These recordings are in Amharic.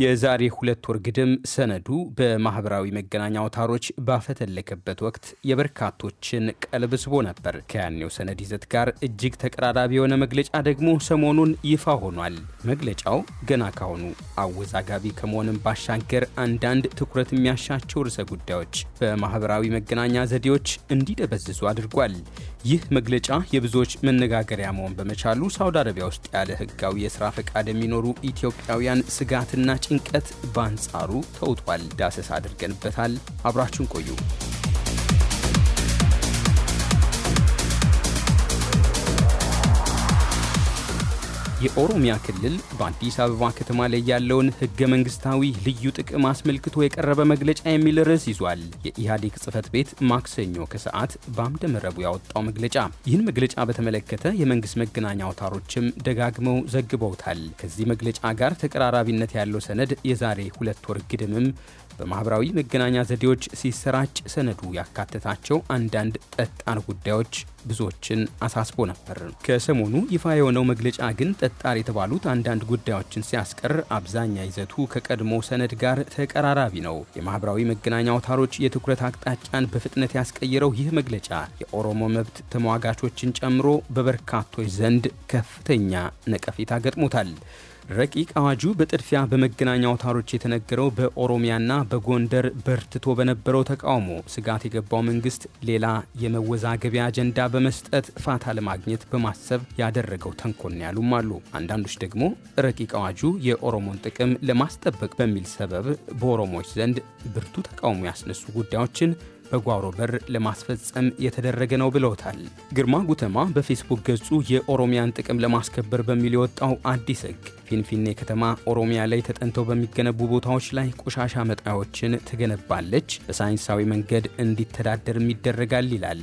የዛሬ ሁለት ወር ግድም ሰነዱ በማህበራዊ መገናኛ አውታሮች ባፈተለከበት ወቅት የበርካቶችን ቀልብ ስቦ ነበር። ከያኔው ሰነድ ይዘት ጋር እጅግ ተቀራራቢ የሆነ መግለጫ ደግሞ ሰሞኑን ይፋ ሆኗል። መግለጫው ገና ካሁኑ አወዛጋቢ ከመሆንም ባሻገር አንዳንድ ትኩረት የሚያሻቸው ርዕሰ ጉዳዮች በማህበራዊ መገናኛ ዘዴዎች እንዲደበዝዙ አድርጓል። ይህ መግለጫ የብዙዎች መነጋገሪያ መሆን በመቻሉ ሳውዲ አረቢያ ውስጥ ያለ ህጋዊ የስራ ፈቃድ የሚኖሩ ኢትዮጵያውያን ስጋትና ጭንቀት በአንጻሩ ተውጧል። ዳሰሳ አድርገንበታል። አብራችሁን ቆዩ። የኦሮሚያ ክልል በአዲስ አበባ ከተማ ላይ ያለውን ህገ መንግስታዊ ልዩ ጥቅም አስመልክቶ የቀረበ መግለጫ የሚል ርዕስ ይዟል። የኢህአዴግ ጽህፈት ቤት ማክሰኞ ከሰዓት በአምደ መረቡ ያወጣው መግለጫ ይህን መግለጫ በተመለከተ የመንግስት መገናኛ አውታሮችም ደጋግመው ዘግበውታል። ከዚህ መግለጫ ጋር ተቀራራቢነት ያለው ሰነድ የዛሬ ሁለት ወር ግድምም በማኅበራዊ መገናኛ ዘዴዎች ሲሰራጭ ሰነዱ ያካተታቸው አንዳንድ ጠጣር ጉዳዮች ብዙዎችን አሳስቦ ነበር። ከሰሞኑ ይፋ የሆነው መግለጫ ግን ጠጣር የተባሉት አንዳንድ ጉዳዮችን ሲያስቀር አብዛኛ ይዘቱ ከቀድሞ ሰነድ ጋር ተቀራራቢ ነው። የማህበራዊ መገናኛ አውታሮች የትኩረት አቅጣጫን በፍጥነት ያስቀየረው ይህ መግለጫ የኦሮሞ መብት ተሟጋቾችን ጨምሮ በበርካቶች ዘንድ ከፍተኛ ነቀፌታ ገጥሞታል። ረቂቅ አዋጁ በጥድፊያ በመገናኛ አውታሮች የተነገረው በኦሮሚያና በጎንደር በርትቶ በነበረው ተቃውሞ ስጋት የገባው መንግስት ሌላ የመወዛገቢያ አጀንዳ በመስጠት ፋታ ለማግኘት በማሰብ ያደረገው ተንኮን ያሉም አሉ። አንዳንዶች ደግሞ ረቂቅ አዋጁ የኦሮሞን ጥቅም ለማስጠበቅ በሚል ሰበብ በኦሮሞዎች ዘንድ ብርቱ ተቃውሞ ያስነሱ ጉዳዮችን በጓሮ በር ለማስፈጸም የተደረገ ነው ብለውታል። ግርማ ጉተማ በፌስቡክ ገጹ የኦሮሚያን ጥቅም ለማስከበር በሚል የወጣው አዲስ ሕግ ፊንፊኔ ከተማ ኦሮሚያ ላይ ተጠንተው በሚገነቡ ቦታዎች ላይ ቆሻሻ መጣያዎችን ትገነባለች፣ በሳይንሳዊ መንገድ እንዲተዳደርም ይደረጋል ይላል።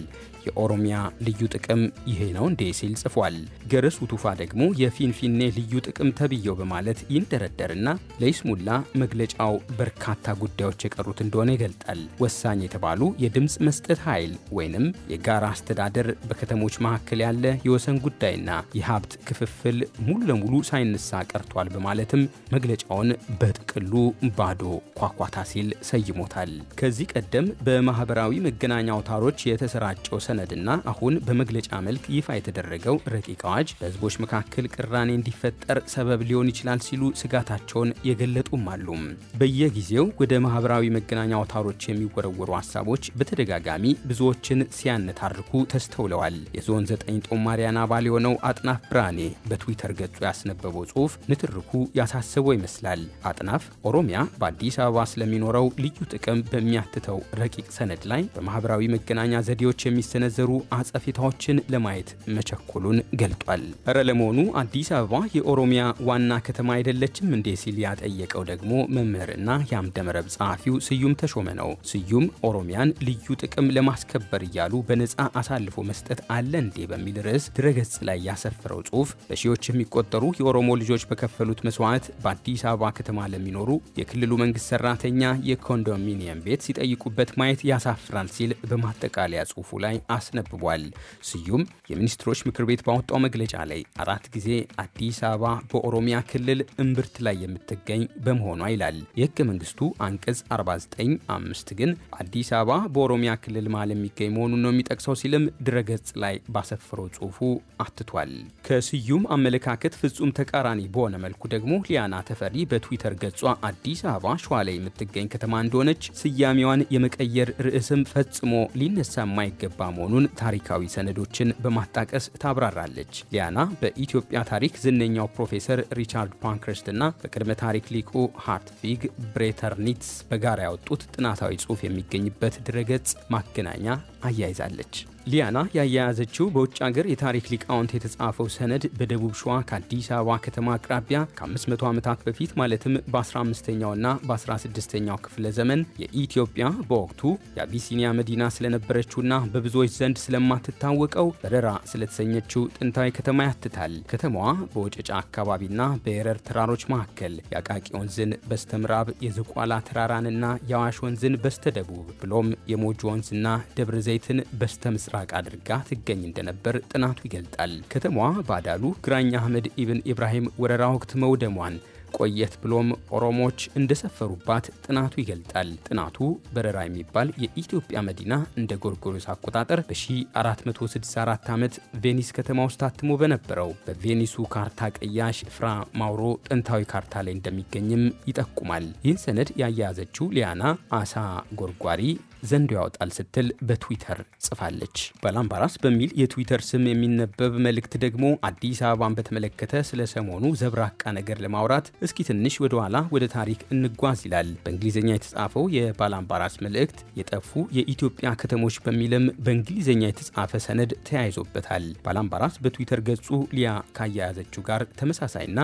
የኦሮሚያ ልዩ ጥቅም ይሄ ነው እንዴ ሲል ጽፏል። ገረሱ ቱፋ ደግሞ የፊንፊኔ ልዩ ጥቅም ተብየው በማለት ይንደረደርና ለይስሙላ መግለጫው በርካታ ጉዳዮች የቀሩት እንደሆነ ይገልጣል። ወሳኝ የተባሉ የድምፅ መስጠት ኃይል ወይንም የጋራ አስተዳደር በከተሞች መካከል ያለ የወሰን ጉዳይና የሀብት ክፍፍል ሙሉ ለሙሉ ሳይነሳ ቀርቷል በማለትም መግለጫውን በጥቅሉ ባዶ ኳኳታ ሲል ሰይሞታል። ከዚህ ቀደም በማህበራዊ መገናኛ አውታሮች የተሰራጨው ሰነድና አሁን በመግለጫ መልክ ይፋ የተደረገው ረቂቅ አዋጅ በህዝቦች መካከል ቅራኔ እንዲፈጠር ሰበብ ሊሆን ይችላል ሲሉ ስጋታቸውን የገለጡም አሉ። በየጊዜው ወደ ማህበራዊ መገናኛ አውታሮች የሚወረወሩ ሀሳቦች በተደጋጋሚ ብዙዎችን ሲያነታርኩ ተስተውለዋል። የዞን ዘጠኝ ጦማሪያን አባል የሆነው አጥናፍ ብርሃኔ በትዊተር ገጹ ያስነበበው ጽሑፍ ንትርኩ ያሳሰበው ይመስላል። አጥናፍ ኦሮሚያ በአዲስ አበባ ስለሚኖረው ልዩ ጥቅም በሚያትተው ረቂቅ ሰነድ ላይ በማህበራዊ መገናኛ ዘዴዎች የሚሰነዘሩ አጸፌታዎችን ለማየት መቸኮሉን ገልጧል። እረ ለመሆኑ አዲስ አበባ የኦሮሚያ ዋና ከተማ አይደለችም እንዴ? ሲል ያጠየቀው ደግሞ መምህርና የአምደመረብ ጸሐፊው ስዩም ተሾመ ነው። ስዩም ኦሮሚያን ልዩ ጥቅም ለማስከበር እያሉ በነፃ አሳልፎ መስጠት አለ እንዴ በሚል ርዕስ ድረገጽ ላይ ያሰፈረው ጽሑፍ በሺዎች የሚቆጠሩ የኦሮሞ ልጆች በከፈሉት መስዋዕት በአዲስ አበባ ከተማ ለሚኖሩ የክልሉ መንግስት ሰራተኛ የኮንዶሚኒየም ቤት ሲጠይቁበት ማየት ያሳፍራል ሲል በማጠቃለያ ጽሑፉ ላይ አስነብቧል። ስዩም የሚኒስትሮች ምክር ቤት ባወጣው መግለጫ ላይ አራት ጊዜ አዲስ አበባ በኦሮሚያ ክልል እምብርት ላይ የምትገኝ በመሆኗ ይላል። የህገ መንግስቱ አንቀጽ 49 አምስት ግን አዲስ አበባ በኦሮሚያ ክልል መሃል የሚገኝ መሆኑን ነው የሚጠቅሰው ሲልም ድረገጽ ላይ ባሰፈረው ጽሁፉ አትቷል። ከስዩም አመለካከት ፍጹም ተቃራኒ በሆነ መልኩ ደግሞ ሊያና ተፈሪ በትዊተር ገጿ አዲስ አበባ ሸዋ ላይ የምትገኝ ከተማ እንደሆነች ስያሜዋን የመቀየር ርዕስም ፈጽሞ ሊነሳ የማይገባ መሆኑን ታሪካዊ ሰነዶችን በማጣቀስ ታብራራለች። ሊያና በኢትዮጵያ ታሪክ ዝነኛው ፕሮፌሰር ሪቻርድ ፓንክረስት እና በቅድመ ታሪክ ሊቁ ሃርትቪግ ብሬተርኒትስ በጋራ ያወጡት ጥናታዊ ጽሁፍ የሚገኝበት የድረገጽ ማገናኛ አያይዛለች። ሊያና ያያያዘችው በውጭ አገር የታሪክ ሊቃውንት የተጻፈው ሰነድ በደቡብ ሸዋ ከአዲስ አበባ ከተማ አቅራቢያ ከ500 ዓመታት በፊት ማለትም በ15ኛውና በ16ኛው ክፍለ ዘመን የኢትዮጵያ በወቅቱ የአቢሲኒያ መዲና ስለነበረችውና በብዙዎች ዘንድ ስለማትታወቀው በረራ ስለተሰኘችው ጥንታዊ ከተማ ያትታል። ከተማዋ በወጨጫ አካባቢና በየረር ተራሮች መካከል የአቃቂ ወንዝን ምዕራብ የዝቋላ ተራራንና የአዋሽ ወንዝን በስተደቡብ ብሎም የሞጆ ወንዝና ደብረ ዘይትን በስተ ምስራቅ አድርጋ ትገኝ እንደነበር ጥናቱ ይገልጣል። ከተማዋ ባዳሉ ግራኝ አህመድ ኢብን ኢብራሂም ወረራ ወቅት መውደሟን ቆየት ብሎም ኦሮሞዎች እንደሰፈሩባት ጥናቱ ይገልጣል። ጥናቱ በረራ የሚባል የኢትዮጵያ መዲና እንደ ጎርጎሮስ አቆጣጠር በ1464 ዓመት ቬኒስ ከተማ ውስጥ ታትሞ በነበረው በቬኒሱ ካርታ ቀያሽ ፍራ ማውሮ ጥንታዊ ካርታ ላይ እንደሚገኝም ይጠቁማል። ይህን ሰነድ ያያያዘችው ሊያና አሳ ጎርጓሪ ዘንዶ ያወጣል ስትል በትዊተር ጽፋለች። ባላምባራስ በሚል የትዊተር ስም የሚነበብ መልእክት ደግሞ አዲስ አበባን በተመለከተ ስለ ሰሞኑ ዘብራቃ ነገር ለማውራት እስኪ ትንሽ ወደ ኋላ ወደ ታሪክ እንጓዝ ይላል። በእንግሊዝኛ የተጻፈው የባላምባራስ መልእክት የጠፉ የኢትዮጵያ ከተሞች በሚልም በእንግሊዝኛ የተጻፈ ሰነድ ተያይዞበታል። ባላምባራስ በትዊተር ገጹ ሊያ ካያያዘችው ጋር ተመሳሳይና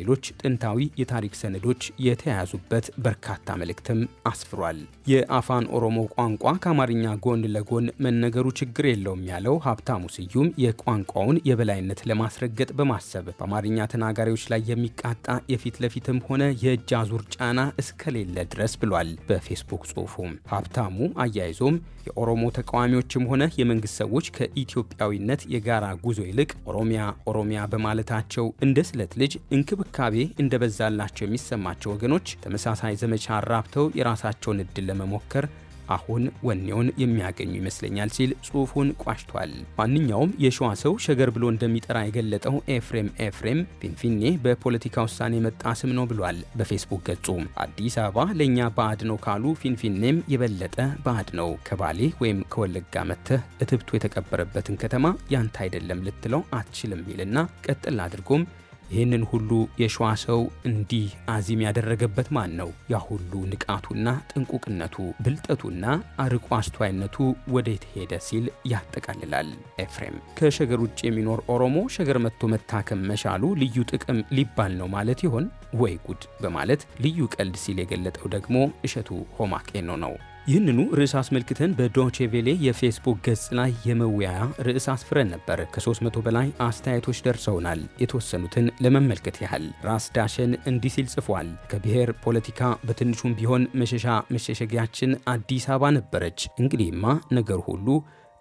ሌሎች ጥንታዊ የታሪክ ሰነዶች የተያያዙበት በርካታ መልእክትም አስፍሯል። የአፋን ኦሮሞ ቋንቋ ከአማርኛ ጎን ለጎን መነገሩ ችግር የለውም ያለው ሀብታሙ ስዩም የቋንቋውን የበላይነት ለማስረገጥ በማሰብ በአማርኛ ተናጋሪዎች ላይ የሚቃጣ የፊት ለፊትም ሆነ የእጅ አዙር ጫና እስከሌለ ድረስ ብሏል። በፌስቡክ ጽሁፉ ሀብታሙ አያይዞም የኦሮሞ ተቃዋሚዎችም ሆነ የመንግስት ሰዎች ከኢትዮጵያዊነት የጋራ ጉዞ ይልቅ ኦሮሚያ ኦሮሚያ በማለታቸው እንደ ስለት ልጅ እንክብ እንክብካቤ እንደበዛላቸው የሚሰማቸው ወገኖች ተመሳሳይ ዘመቻ አራብተው የራሳቸውን እድል ለመሞከር አሁን ወኔውን የሚያገኙ ይመስለኛል ሲል ጽሑፉን ቋጭቷል። ማንኛውም የሸዋ ሰው ሸገር ብሎ እንደሚጠራ የገለጠው ኤፍሬም ኤፍሬም ፊንፊኔ በፖለቲካ ውሳኔ መጣ ስም ነው ብሏል። በፌስቡክ ገጹ አዲስ አበባ ለእኛ ባዕድ ነው ካሉ ፊንፊኔም የበለጠ ባዕድ ነው። ከባሌ ወይም ከወለጋ መጥተህ እትብቱ የተቀበረበትን ከተማ ያንተ አይደለም ልትለው አትችልም ይልና ቀጥል አድርጎም ይህንን ሁሉ የሸዋ ሰው እንዲህ አዚም ያደረገበት ማን ነው? ያ ሁሉ ንቃቱና ጥንቁቅነቱ፣ ብልጠቱና አርቆ አስተዋይነቱ ወዴት ሄደ ሲል ያጠቃልላል ኤፍሬም። ከሸገር ውጭ የሚኖር ኦሮሞ ሸገር መጥቶ መታከም መቻሉ ልዩ ጥቅም ሊባል ነው ማለት ይሆን ወይ ጉድ በማለት ልዩ ቀልድ ሲል የገለጠው ደግሞ እሸቱ ሆማቄኖ ነው። ይህንኑ ርዕስ አስመልክተን በዶቼ ቬሌ የፌስቡክ ገጽ ላይ የመወያያ ርዕስ አስፍረን ነበር። ከ300 በላይ አስተያየቶች ደርሰውናል። የተወሰኑትን ለመመልከት ያህል ራስ ዳሸን እንዲህ ሲል ጽፏል። ከብሔር ፖለቲካ በትንሹም ቢሆን መሸሻ መሸሸጊያችን አዲስ አበባ ነበረች። እንግዲህማ ነገር ሁሉ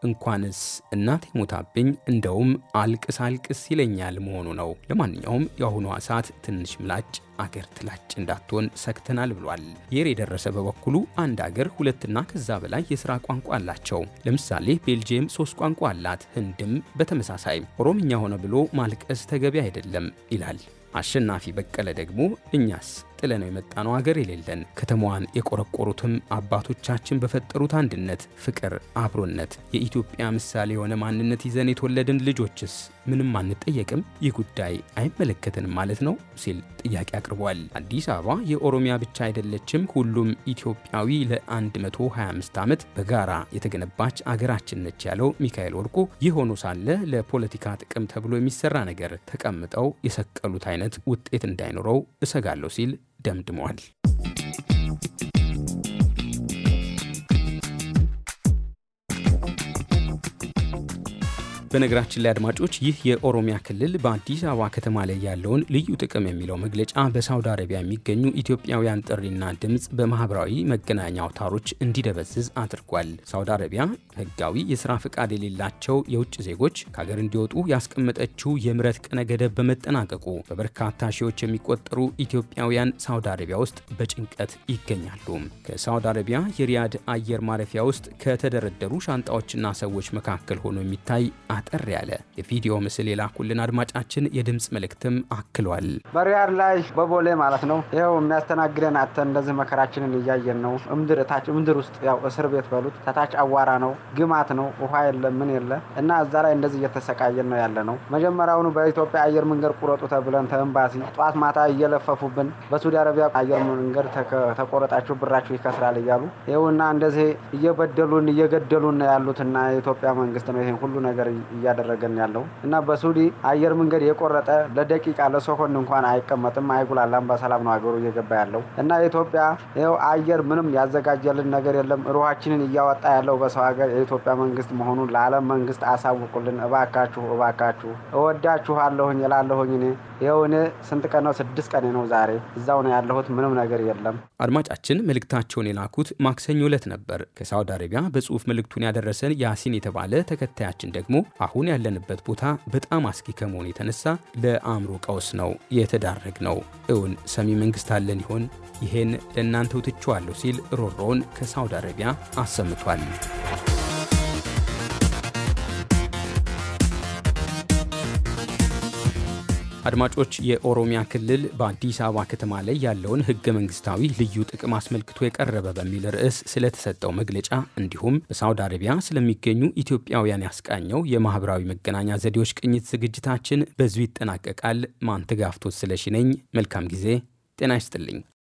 እንኳንስ እናቴ ሞታብኝ እንደውም አልቅስ አልቅስ ይለኛል መሆኑ ነው። ለማንኛውም የአሁኗ ሰዓት ትንሽ ምላጭ አገር ትላጭ እንዳትሆን ሰክተናል ብሏል። የር የደረሰ በበኩሉ አንድ አገር ሁለትና ከዛ በላይ የስራ ቋንቋ አላቸው። ለምሳሌ ቤልጅየም ሶስት ቋንቋ አላት፣ ህንድም በተመሳሳይ ኦሮምኛ ሆነ ብሎ ማልቀስ ተገቢ አይደለም ይላል። አሸናፊ በቀለ ደግሞ እኛስ የመጣ ነው አገር የሌለን ከተማዋን የቆረቆሩትም አባቶቻችን በፈጠሩት አንድነት፣ ፍቅር፣ አብሮነት የኢትዮጵያ ምሳሌ የሆነ ማንነት ይዘን የተወለድን ልጆችስ ምንም አንጠየቅም? ይህ ጉዳይ አይመለከትንም ማለት ነው ሲል ጥያቄ አቅርቧል። አዲስ አበባ የኦሮሚያ ብቻ አይደለችም፣ ሁሉም ኢትዮጵያዊ ለ125 ዓመት በጋራ የተገነባች አገራችን ነች ያለው ሚካኤል ወርቁ ይህ ሆኖ ሳለ ለፖለቲካ ጥቅም ተብሎ የሚሰራ ነገር ተቀምጠው የሰቀሉት አይነት ውጤት እንዳይኖረው እሰጋለሁ ሲል ደምድመዋል። በነገራችን ላይ አድማጮች ይህ የኦሮሚያ ክልል በአዲስ አበባ ከተማ ላይ ያለውን ልዩ ጥቅም የሚለው መግለጫ በሳውዲ አረቢያ የሚገኙ ኢትዮጵያውያን ጥሪና ድምፅ በማህበራዊ መገናኛ አውታሮች እንዲደበዝዝ አድርጓል። ሳውዲ አረቢያ ህጋዊ የስራ ፈቃድ የሌላቸው የውጭ ዜጎች ከሀገር እንዲወጡ ያስቀመጠችው የምረት ቀነ ገደብ በመጠናቀቁ በበርካታ ሺዎች የሚቆጠሩ ኢትዮጵያውያን ሳውዲ አረቢያ ውስጥ በጭንቀት ይገኛሉ። ከሳውዲ አረቢያ የሪያድ አየር ማረፊያ ውስጥ ከተደረደሩ ሻንጣዎችና ሰዎች መካከል ሆኖ የሚታይ አጠር ያለ የቪዲዮ ምስል የላኩልን አድማጫችን የድምፅ መልእክትም አክሏል። በሪያድ ላይ በቦሌ ማለት ነው። ይኸው የሚያስተናግደን አተን እንደዚህ መከራችንን እያየን ነው። እምድር እታች እምድር ውስጥ ያው እስር ቤት በሉት ከታች አዋራ ነው፣ ግማት ነው፣ ውሃ የለ ምን የለ እና እዛ ላይ እንደዚህ እየተሰቃየን ነው ያለ ነው። መጀመሪያውኑ በኢትዮጵያ አየር መንገድ ቁረጡ ተብለን ተእምባሲ ጠዋት ማታ እየለፈፉብን በሳውዲ አረቢያ አየር መንገድ ተቆረጣችሁ ብራችሁ ይከስራል እያሉ ይኸውና እንደዚህ እየበደሉን እየገደሉን ያሉትና የኢትዮጵያ መንግስት ነው ይሄን ሁሉ ነገር እያደረገን ያለው እና በሱዲ አየር መንገድ የቆረጠ ለደቂቃ ለሰኮንድ እንኳን አይቀመጥም፣ አይጉላላም። በሰላም ነው ሀገሩ እየገባ ያለው እና ኢትዮጵያ ይኸው አየር ምንም ያዘጋጀልን ነገር የለም። ሩሃችንን እያወጣ ያለው በሰው ሀገር የኢትዮጵያ መንግስት መሆኑን ለዓለም መንግስት አሳውቁልን እባካችሁ፣ እባካችሁ። እወዳችኋለሁኝ እላለሁኝ እኔ ይኸው እኔ ስንት ቀን ነው? ስድስት ቀን ነው ዛሬ እዛው ነው ያለሁት። ምንም ነገር የለም። አድማጫችን መልእክታቸውን የላኩት ማክሰኞ ለት ነበር። ከሳውዲ አረቢያ በጽሁፍ መልእክቱን ያደረሰን ያሲን የተባለ ተከታያችን ደግሞ አሁን ያለንበት ቦታ በጣም አስጊ ከመሆኑ የተነሳ ለአእምሮ ቀውስ ነው የተዳረግ ነው። እውን ሰሚ መንግስት አለን ይሆን? ይህን ለእናንተው ትችዋለሁ ሲል ሮሮውን ከሳውዲ አረቢያ አሰምቷል። አድማጮች የኦሮሚያ ክልል በአዲስ አበባ ከተማ ላይ ያለውን ህገ መንግስታዊ ልዩ ጥቅም አስመልክቶ የቀረበ በሚል ርዕስ ስለተሰጠው መግለጫ እንዲሁም በሳውዲ አረቢያ ስለሚገኙ ኢትዮጵያውያን ያስቃኘው የማህበራዊ መገናኛ ዘዴዎች ቅኝት ዝግጅታችን በዙ ይጠናቀቃል። ማንተጋፍቶት ስለሺ ነኝ። መልካም ጊዜ። ጤና ይስጥልኝ።